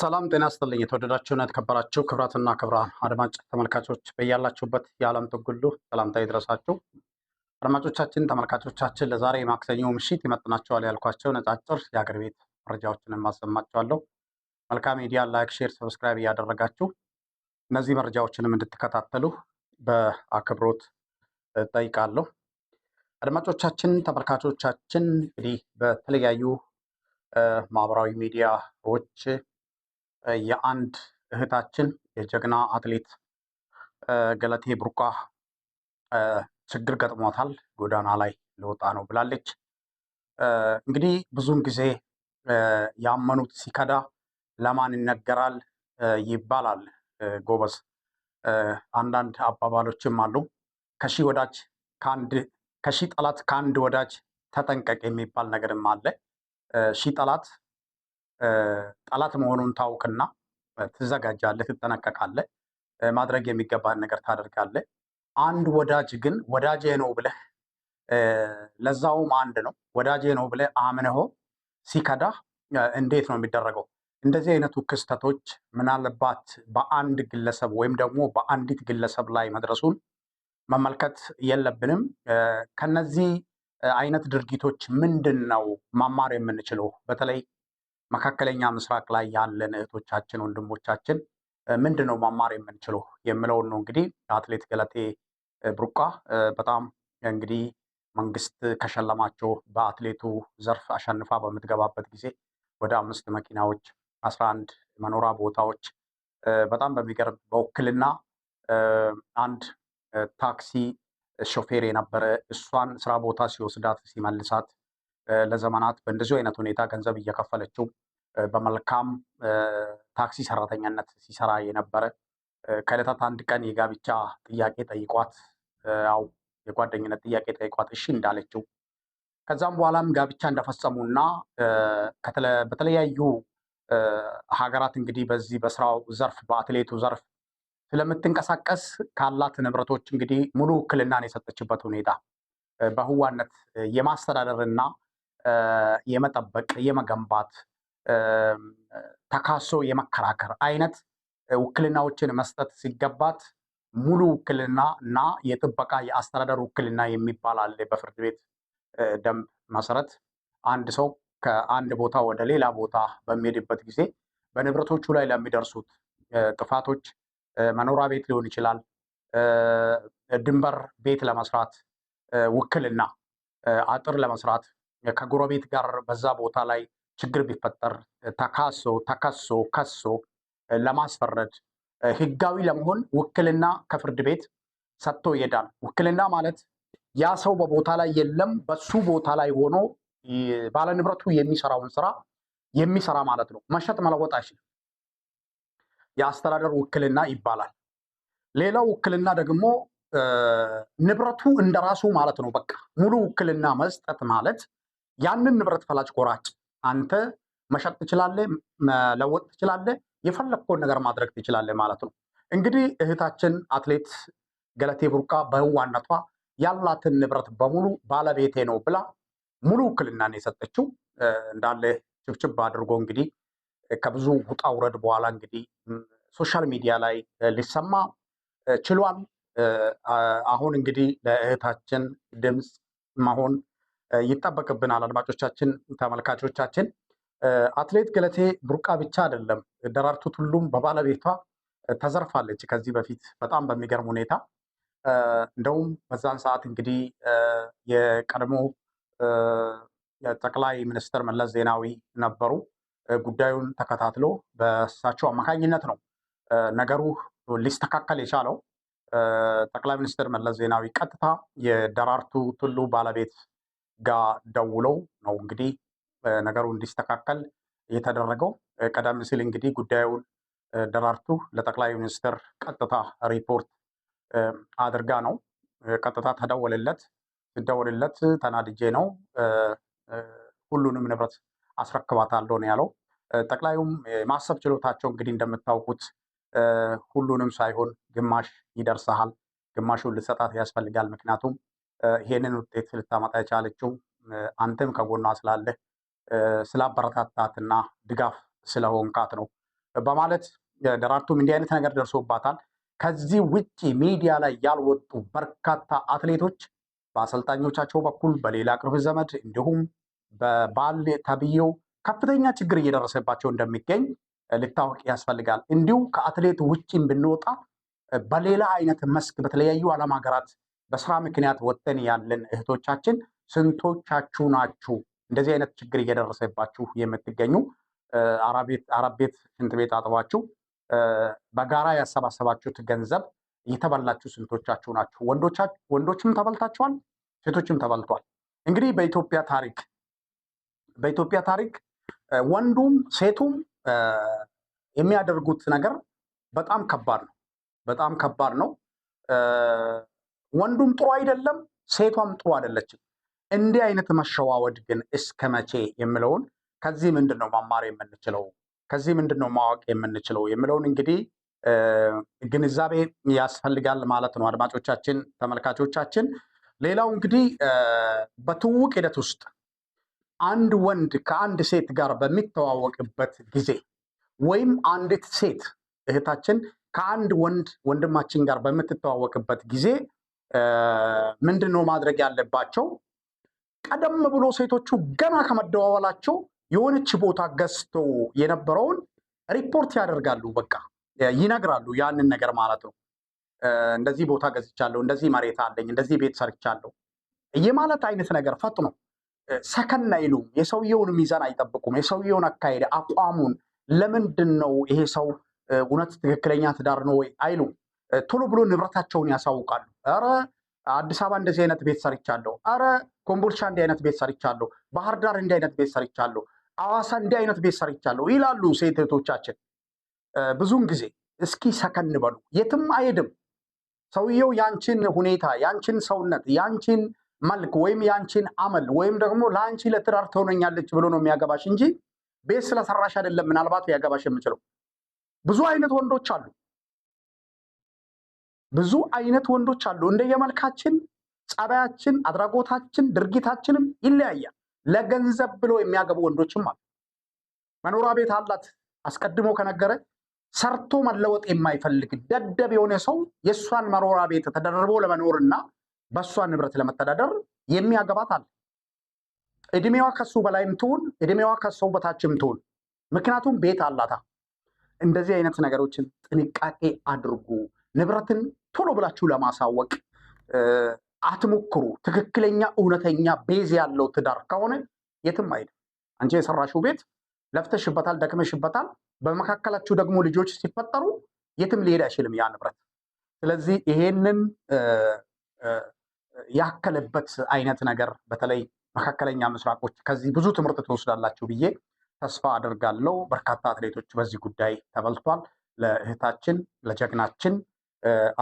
ሰላም ጤና ይስጥልኝ። የተወደዳችሁና የተከበራችሁ ክብራትና ክብራን አድማጭ ተመልካቾች በያላችሁበት የዓለም ትጉሉ ሰላምታ ይድረሳችሁ። አድማጮቻችን፣ ተመልካቾቻችን ለዛሬ የማክሰኞ ምሽት ይመጥናቸዋል ያልኳቸው ነጫጭር የአገር ቤት መረጃዎችን ማሰማችኋለሁ። መልካም ሚዲያ ላይክ፣ ሼር፣ ሰብስክራይብ እያደረጋችሁ እነዚህ መረጃዎችንም እንድትከታተሉ በአክብሮት ጠይቃለሁ። አድማጮቻችን፣ ተመልካቾቻችን እንግዲህ በተለያዩ ማህበራዊ ሚዲያዎች የአንድ እህታችን የጀግና አትሌት ገለቴ ቡርቃ ችግር ገጥሟታል። ጎዳና ላይ ልወጣ ነው ብላለች። እንግዲህ ብዙን ጊዜ ያመኑት ሲከዳ ለማን ይነገራል ይባላል ጎበዝ። አንዳንድ አባባሎችም አሉ። ከሺ ወዳጅ ከአንድ ከሺ ጠላት ከአንድ ወዳጅ ተጠንቀቅ የሚባል ነገርም አለ። ሺ ጠላት ጠላት መሆኑን ታውቅና ትዘጋጃለህ፣ ትጠነቀቃለህ፣ ማድረግ የሚገባን ነገር ታደርጋለህ። አንድ ወዳጅ ግን ወዳጄ ነው ብለህ ለዛውም አንድ ነው ወዳጄ ነው ብለህ አምነሆ ሲከዳህ እንዴት ነው የሚደረገው? እንደዚህ አይነቱ ክስተቶች ምናልባት በአንድ ግለሰብ ወይም ደግሞ በአንዲት ግለሰብ ላይ መድረሱን መመልከት የለብንም። ከነዚህ አይነት ድርጊቶች ምንድን ነው መማር የምንችለው? በተለይ መካከለኛ ምስራቅ ላይ ያለን እህቶቻችን ወንድሞቻችን ምንድን ነው መማር የምንችለው የምለውን ነው እንግዲህ አትሌት ገለቴ ቡርቃ በጣም እንግዲህ መንግስት ከሸለማቸው በአትሌቱ ዘርፍ አሸንፋ በምትገባበት ጊዜ ወደ አምስት መኪናዎች አስራ አንድ መኖሪያ ቦታዎች በጣም በሚገርም በውክልና አንድ ታክሲ ሾፌር የነበረ እሷን ስራ ቦታ ሲወስዳት ሲመልሳት ለዘመናት በእንደዚሁ አይነት ሁኔታ ገንዘብ እየከፈለችው በመልካም ታክሲ ሰራተኛነት ሲሰራ የነበረ ከእለታት አንድ ቀን የጋብቻ ጥያቄ ጠይቋት ያው የጓደኝነት ጥያቄ ጠይቋት እሺ እንዳለችው ከዛም በኋላም ጋብቻ እንደፈጸሙና በተለያዩ ሀገራት እንግዲህ በዚህ በስራው ዘርፍ በአትሌቱ ዘርፍ ስለምትንቀሳቀስ ካላት ንብረቶች እንግዲህ ሙሉ ውክልናን የሰጠችበት ሁኔታ በህዋነት የማስተዳደርና የመጠበቅ፣ የመገንባት፣ ተካሶ የመከራከር አይነት ውክልናዎችን መስጠት ሲገባት ሙሉ ውክልና እና የጥበቃ የአስተዳደር ውክልና የሚባል አለ። በፍርድ ቤት ደንብ መሰረት አንድ ሰው ከአንድ ቦታ ወደ ሌላ ቦታ በሚሄድበት ጊዜ በንብረቶቹ ላይ ለሚደርሱት ጥፋቶች መኖሪያ ቤት ሊሆን ይችላል፣ ድንበር ቤት ለመስራት ውክልና፣ አጥር ለመስራት ከጎረቤት ጋር በዛ ቦታ ላይ ችግር ቢፈጠር ተካሶ ተከሶ ከሶ ለማስፈረድ ህጋዊ ለመሆን ውክልና ከፍርድ ቤት ሰጥቶ ይሄዳል። ውክልና ማለት ያ ሰው በቦታ ላይ የለም፣ በሱ ቦታ ላይ ሆኖ ባለንብረቱ የሚሰራውን ስራ የሚሰራ ማለት ነው። መሸጥ መለወጥ አይችልም። የአስተዳደር ውክልና ይባላል። ሌላው ውክልና ደግሞ ንብረቱ እንደራሱ ማለት ነው። በቃ ሙሉ ውክልና መስጠት ማለት ያንን ንብረት ፈላጭ ቆራጭ አንተ መሸጥ ትችላለህ፣ መለወጥ ትችላለህ፣ የፈለግከውን ነገር ማድረግ ትችላለህ ማለት ነው። እንግዲህ እህታችን አትሌት ገለቴ ቡርቃ በህዋነቷ ያላትን ንብረት በሙሉ ባለቤቴ ነው ብላ ሙሉ ውክልናን የሰጠችው እንዳለ ችብችብ አድርጎ እንግዲህ ከብዙ ውጣ ውረድ በኋላ እንግዲህ ሶሻል ሚዲያ ላይ ሊሰማ ችሏል። አሁን እንግዲህ ለእህታችን ድምፅ መሆን ይጠበቅብናል። አድማጮቻችን፣ ተመልካቾቻችን አትሌት ገለቴ ቡርቃ ብቻ አይደለም፣ ደራርቱ ቱሉም በባለቤቷ ተዘርፋለች። ከዚህ በፊት በጣም በሚገርም ሁኔታ እንደውም በዛን ሰዓት እንግዲህ የቀድሞ ጠቅላይ ሚኒስትር መለስ ዜናዊ ነበሩ። ጉዳዩን ተከታትሎ በእሳቸው አማካኝነት ነው ነገሩ ሊስተካከል የቻለው። ጠቅላይ ሚኒስትር መለስ ዜናዊ ቀጥታ የደራርቱ ቱሉ ባለቤት ጋር ደውለው ነው እንግዲህ ነገሩ እንዲስተካከል የተደረገው። ቀደም ሲል እንግዲህ ጉዳዩን ደራርቱ ለጠቅላይ ሚኒስትር ቀጥታ ሪፖርት አድርጋ ነው ቀጥታ ተደወልለት ሲደወልለት ተናድጄ ነው ሁሉንም ንብረት አስረክባታለሁ ነው ያለው። ጠቅላዩም የማሰብ ችሎታቸው እንግዲህ እንደምታውቁት ሁሉንም ሳይሆን ግማሽ ይደርሰሃል፣ ግማሹን ልሰጣት ያስፈልጋል። ምክንያቱም ይሄንን ውጤት ልታመጣ የቻለችው አንተም ከጎኗ ስላለህ ስላበረታታትና ድጋፍ ስለሆንካት ነው በማለት ደራርቱም እንዲህ አይነት ነገር ደርሶባታል። ከዚህ ውጭ ሚዲያ ላይ ያልወጡ በርካታ አትሌቶች በአሰልጣኞቻቸው በኩል በሌላ ቅርብ ዘመድ እንዲሁም በባል ተብዬው ከፍተኛ ችግር እየደረሰባቸው እንደሚገኝ ልታወቅ ያስፈልጋል። እንዲሁ ከአትሌት ውጭም ብንወጣ በሌላ አይነት መስክ በተለያዩ ዓለም ሀገራት በስራ ምክንያት ወጥተን ያለን እህቶቻችን ስንቶቻችሁ ናችሁ እንደዚህ አይነት ችግር እየደረሰባችሁ የምትገኙ አረብ ቤት ሽንት ቤት አጥባችሁ በጋራ ያሰባሰባችሁት ገንዘብ እየተበላችሁ ስንቶቻችሁ ናችሁ? ወንዶችም ተበልታችኋል፣ ሴቶችም ተበልቷል። እንግዲህ በኢትዮጵያ ታሪክ በኢትዮጵያ ታሪክ ወንዱም ሴቱም የሚያደርጉት ነገር በጣም ከባድ ነው። በጣም ከባድ ነው። ወንዱም ጥሩ አይደለም፣ ሴቷም ጥሩ አይደለችም። እንዲህ አይነት መሸዋወድ ግን እስከ መቼ የምለውን ከዚህ ምንድን ነው መማር የምንችለው ከዚህ ምንድን ነው ማወቅ የምንችለው የምለውን እንግዲህ ግንዛቤ ያስፈልጋል ማለት ነው። አድማጮቻችን፣ ተመልካቾቻችን ሌላው እንግዲህ በትውውቅ ሂደት ውስጥ አንድ ወንድ ከአንድ ሴት ጋር በሚተዋወቅበት ጊዜ ወይም አንዲት ሴት እህታችን ከአንድ ወንድ ወንድማችን ጋር በምትተዋወቅበት ጊዜ ምንድን ነው ማድረግ ያለባቸው? ቀደም ብሎ ሴቶቹ ገና ከመደዋወላቸው የሆነች ቦታ ገዝተው የነበረውን ሪፖርት ያደርጋሉ። በቃ ይነግራሉ፣ ያንን ነገር ማለት ነው። እንደዚህ ቦታ ገዝቻለሁ፣ እንደዚህ መሬት አለኝ፣ እንደዚህ ቤት ሰርቻለሁ፣ ይህ ማለት አይነት ነገር ፈጥኖ ሰከን አይሉም። የሰውየውን ሚዛን አይጠብቁም። የሰውየውን አካሄድ፣ አቋሙን ለምንድን ነው ይሄ ሰው እውነት ትክክለኛ ትዳር ነው ወይ አይሉም። ቶሎ ብሎ ንብረታቸውን ያሳውቃሉ። ኧረ አዲስ አበባ እንደዚህ አይነት ቤት ሰርቻለሁ፣ ኧረ ኮምቦልቻ እንዲህ አይነት ቤት ሰርቻለሁ፣ ባህር ዳር እንዲህ አይነት ቤት ሰርቻለሁ፣ አዋሳ እንዲህ አይነት ቤት ሰርቻለሁ ይላሉ ሴት እህቶቻችን ብዙውን ጊዜ። እስኪ ሰከን በሉ፣ የትም አይድም ሰውየው። ያንቺን ሁኔታ፣ ያንቺን ሰውነት፣ ያንቺን መልክ ወይም ያንቺን አመል ወይም ደግሞ ለአንቺ ለትዳር ትሆነኛለች ብሎ ነው የሚያገባሽ እንጂ ቤት ስለሰራሽ አይደለም ምናልባት ሊያገባሽ የምችለው ብዙ አይነት ወንዶች አሉ። ብዙ አይነት ወንዶች አሉ። እንደየመልካችን፣ ጸባያችን፣ አድራጎታችን፣ ድርጊታችንም ይለያያል። ለገንዘብ ብሎ የሚያገቡ ወንዶችም አሉ። መኖሪያ ቤት አላት አስቀድሞ ከነገረ ሰርቶ መለወጥ የማይፈልግ ደደብ የሆነ ሰው የእሷን መኖሪያ ቤት ተደርቦ ለመኖርና በእሷ ንብረት ለመተዳደር የሚያገባት አለ። እድሜዋ ከሱ በላይም ትሁን እድሜዋ ከሰው በታችም ትሁን፣ ምክንያቱም ቤት አላታ። እንደዚህ አይነት ነገሮችን ጥንቃቄ አድርጉ። ንብረትን ቶሎ ብላችሁ ለማሳወቅ አትሞክሩ። ትክክለኛ እውነተኛ ቤዝ ያለው ትዳር ከሆነ የትም አይደል። አንቺ የሰራሽው ቤት ለፍተሽበታል፣ ደክመሽበታል። በመካከላችሁ ደግሞ ልጆች ሲፈጠሩ የትም ሊሄድ አይችልም ያ ንብረት። ስለዚህ ይሄንን ያከለበት አይነት ነገር በተለይ መካከለኛ ምስራቆች ከዚህ ብዙ ትምህርት ትወስዳላችሁ ብዬ ተስፋ አድርጋለሁ በርካታ አትሌቶች በዚህ ጉዳይ ተበልቷል። ለእህታችን ለጀግናችን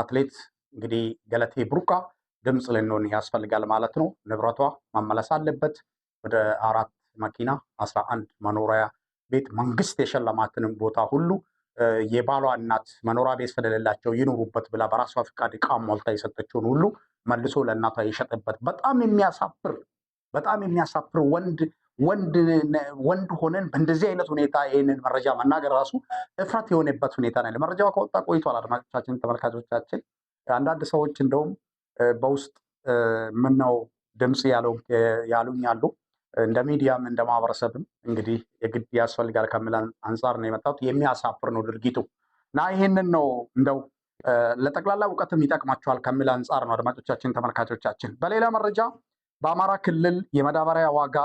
አትሌት እንግዲህ ገለቴ ቡርቃ ድምፅ ልንሆን ያስፈልጋል ማለት ነው። ንብረቷ መመለስ አለበት። ወደ አራት መኪና አስራ አንድ መኖሪያ ቤት መንግስት የሸለማትንም ቦታ ሁሉ የባሏ እናት መኖሪያ ቤት ስለሌላቸው ይኖሩበት ብላ በራሷ ፍቃድ እቃ ሞልታ የሰጠችውን ሁሉ መልሶ ለእናቷ የሸጠበት በጣም የሚያሳፍር በጣም የሚያሳፍር ወንድ ወንድ ሆነን በእንደዚህ አይነት ሁኔታ ይህንን መረጃ መናገር ራሱ እፍረት የሆነበት ሁኔታ ነው። መረጃው ከወጣ ቆይቷል። አድማጮቻችን፣ ተመልካቾቻችን አንዳንድ ሰዎች እንደውም በውስጥ ምነው ድምፅ ያሉኝ አሉ። እንደ ሚዲያም እንደ ማህበረሰብም እንግዲህ የግድ ያስፈልጋል ከሚል አንጻር ነው የመጣሁት። የሚያሳፍር ነው ድርጊቱ እና ይህንን ነው እንደው ለጠቅላላ እውቀትም ይጠቅማቸዋል ከሚል አንጻር ነው። አድማጮቻችን ተመልካቾቻችን፣ በሌላ መረጃ በአማራ ክልል የመዳበሪያ ዋጋ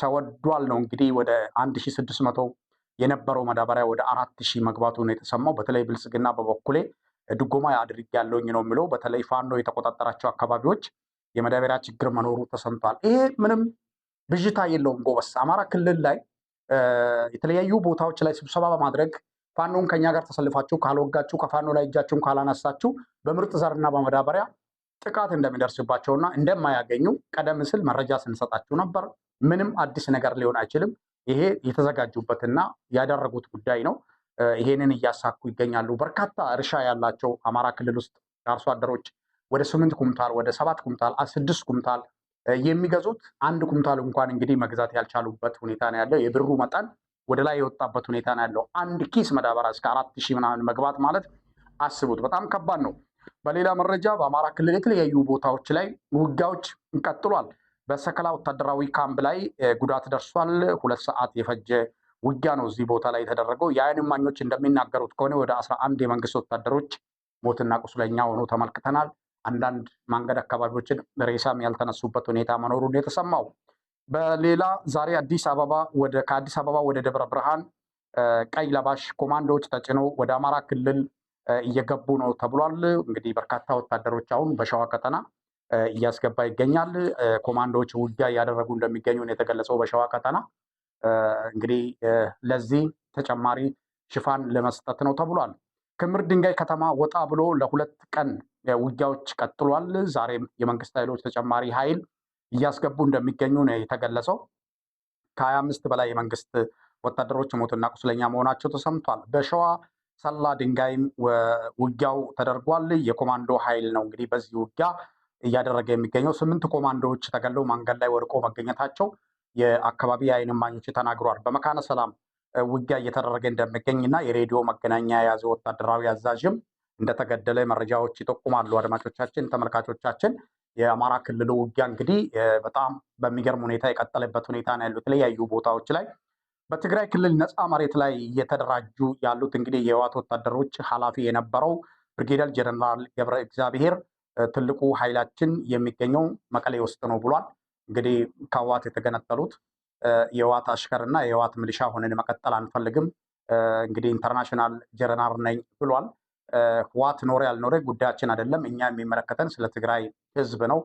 ተወዷል ነው እንግዲህ ወደ 1600 የነበረው መዳበሪያ ወደ 4000 መግባቱ ነው የተሰማው። በተለይ ብልጽግና በበኩሌ ድጎማ አድርግ ያለውኝ ነው የሚለው። በተለይ ፋኖ የተቆጣጠራቸው አካባቢዎች የመዳበሪያ ችግር መኖሩ ተሰምቷል። ይሄ ምንም ብዥታ የለውም ጎበስ። አማራ ክልል ላይ የተለያዩ ቦታዎች ላይ ስብሰባ በማድረግ ፋኖን ከኛ ጋር ተሰልፋችሁ ካልወጋችሁ፣ ከፋኖ ላይ እጃችሁን ካላነሳችሁ በምርጥ ዘርና በመዳበሪያ። ጥቃት እንደሚደርስባቸውና እንደማያገኙ ቀደም ሲል መረጃ ስንሰጣቸው ነበር። ምንም አዲስ ነገር ሊሆን አይችልም። ይሄ የተዘጋጁበትና ያደረጉት ጉዳይ ነው። ይሄንን እያሳኩ ይገኛሉ። በርካታ እርሻ ያላቸው አማራ ክልል ውስጥ አርሶ አደሮች ወደ ስምንት ኩምታል፣ ወደ ሰባት ኩምታል፣ ስድስት ኩምታል የሚገዙት አንድ ኩምታል እንኳን እንግዲህ መግዛት ያልቻሉበት ሁኔታ ነው ያለው። የብሩ መጠን ወደ ላይ የወጣበት ሁኔታ ነው ያለው። አንድ ኪስ መዳበሪያ እስከ አራት ሺህ ምናምን መግባት ማለት አስቡት፣ በጣም ከባድ ነው። በሌላ መረጃ በአማራ ክልል የተለያዩ ቦታዎች ላይ ውጊያዎች ቀጥሏል። በሰከላ ወታደራዊ ካምፕ ላይ ጉዳት ደርሷል። ሁለት ሰዓት የፈጀ ውጊያ ነው እዚህ ቦታ ላይ የተደረገው። የአይን እማኞች እንደሚናገሩት ከሆነ ወደ አስራ አንድ የመንግስት ወታደሮች ሞትና ቁስለኛ ሆኖ ተመልክተናል። አንዳንድ መንገድ አካባቢዎችን ሬሳም ያልተነሱበት ሁኔታ መኖሩን የተሰማው። በሌላ ዛሬ አዲስ አበባ ከአዲስ አበባ ወደ ደብረ ብርሃን ቀይ ለባሽ ኮማንዶዎች ተጭነው ወደ አማራ ክልል እየገቡ ነው ተብሏል። እንግዲህ በርካታ ወታደሮች አሁን በሸዋ ቀጠና እያስገባ ይገኛል። ኮማንዶዎች ውጊያ እያደረጉ እንደሚገኙ ነው የተገለጸው። በሸዋ ቀጠና እንግዲህ ለዚህ ተጨማሪ ሽፋን ለመስጠት ነው ተብሏል። ክምር ድንጋይ ከተማ ወጣ ብሎ ለሁለት ቀን ውጊያዎች ቀጥሏል። ዛሬም የመንግስት ኃይሎች ተጨማሪ ኃይል እያስገቡ እንደሚገኙ ነው የተገለጸው። ከሀያ አምስት በላይ የመንግስት ወታደሮች ሞትና ቁስለኛ መሆናቸው ተሰምቷል። በሸዋ ሰላ ድንጋይም ውጊያው ተደርጓል። የኮማንዶ ኃይል ነው እንግዲህ በዚህ ውጊያ እያደረገ የሚገኘው። ስምንት ኮማንዶዎች ተገለው ማንገድ ላይ ወድቆ መገኘታቸው የአካባቢ የዓይን እማኞች ተናግሯል። በመካነ ሰላም ውጊያ እየተደረገ እንደሚገኝ እና የሬዲዮ መገናኛ የያዘ ወታደራዊ አዛዥም እንደተገደለ መረጃዎች ይጠቁማሉ። አድማጮቻችን፣ ተመልካቾቻችን የአማራ ክልሉ ውጊያ እንግዲህ በጣም በሚገርም ሁኔታ የቀጠለበት ሁኔታ ነው ያሉ የተለያዩ ቦታዎች ላይ በትግራይ ክልል ነፃ መሬት ላይ እየተደራጁ ያሉት እንግዲህ የህወሓት ወታደሮች ኃላፊ የነበረው ብርጌደር ጀነራል ገብረ እግዚአብሔር ትልቁ ኃይላችን የሚገኘው መቀሌ ውስጥ ነው ብሏል። እንግዲህ ከህወሓት የተገነጠሉት የህወሓት አሽከር እና የህወሓት ምልሻ ሆነን መቀጠል አንፈልግም፣ እንግዲህ ኢንተርናሽናል ጀነራል ነኝ ብሏል። ህወሓት ኖረ ያልኖረ ጉዳያችን አይደለም፣ እኛ የሚመለከተን ስለ ትግራይ ህዝብ ነው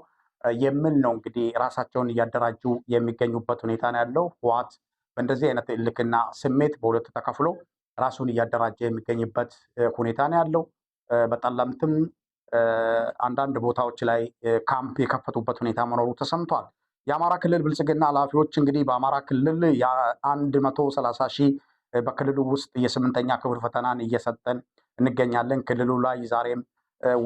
የሚል ነው። እንግዲህ ራሳቸውን እያደራጁ የሚገኙበት ሁኔታ ነው ያለው ህወሓት በእንደዚህ አይነት ልክና ስሜት በሁለት ተከፍሎ ራሱን እያደራጀ የሚገኝበት ሁኔታ ነው ያለው። በጠለምትም አንዳንድ ቦታዎች ላይ ካምፕ የከፈቱበት ሁኔታ መኖሩ ተሰምቷል። የአማራ ክልል ብልጽግና ኃላፊዎች እንግዲህ በአማራ ክልል የአንድ መቶ ሰላሳ ሺህ በክልሉ ውስጥ የስምንተኛ ክፍል ፈተናን እየሰጠን እንገኛለን። ክልሉ ላይ ዛሬም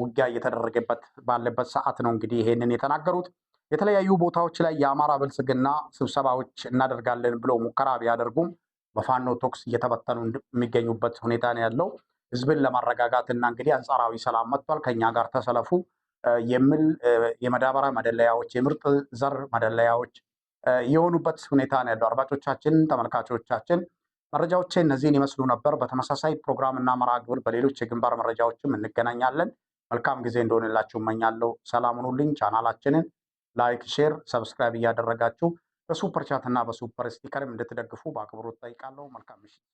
ውጊያ እየተደረገበት ባለበት ሰዓት ነው እንግዲህ ይሄንን የተናገሩት። የተለያዩ ቦታዎች ላይ የአማራ ብልጽግና ስብሰባዎች እናደርጋለን ብሎ ሙከራ ቢያደርጉም በፋኖ ቶክስ እየተበተኑ የሚገኙበት ሁኔታ ነው ያለው። ህዝብን ለማረጋጋት እና እንግዲህ አንጻራዊ ሰላም መጥቷል፣ ከኛ ጋር ተሰለፉ የሚል የማዳበሪያ መደለያዎች፣ የምርጥ ዘር መደለያዎች የሆኑበት ሁኔታ ነው ያለው። አድማጮቻችን፣ ተመልካቾቻችን መረጃዎች እነዚህን ይመስሉ ነበር። በተመሳሳይ ፕሮግራም እና መርሃ ግብር በሌሎች የግንባር መረጃዎችም እንገናኛለን። መልካም ጊዜ እንደሆንላችሁ እመኛለሁ። ሰላም ሁኑልኝ። ቻናላችንን ላይክ፣ ሼር፣ ሰብስክራይብ እያደረጋችሁ በሱፐር ቻት እና በሱፐር ስቲከርም እንድትደግፉ በአክብሮት ጠይቃለሁ። መልካም ምሽት።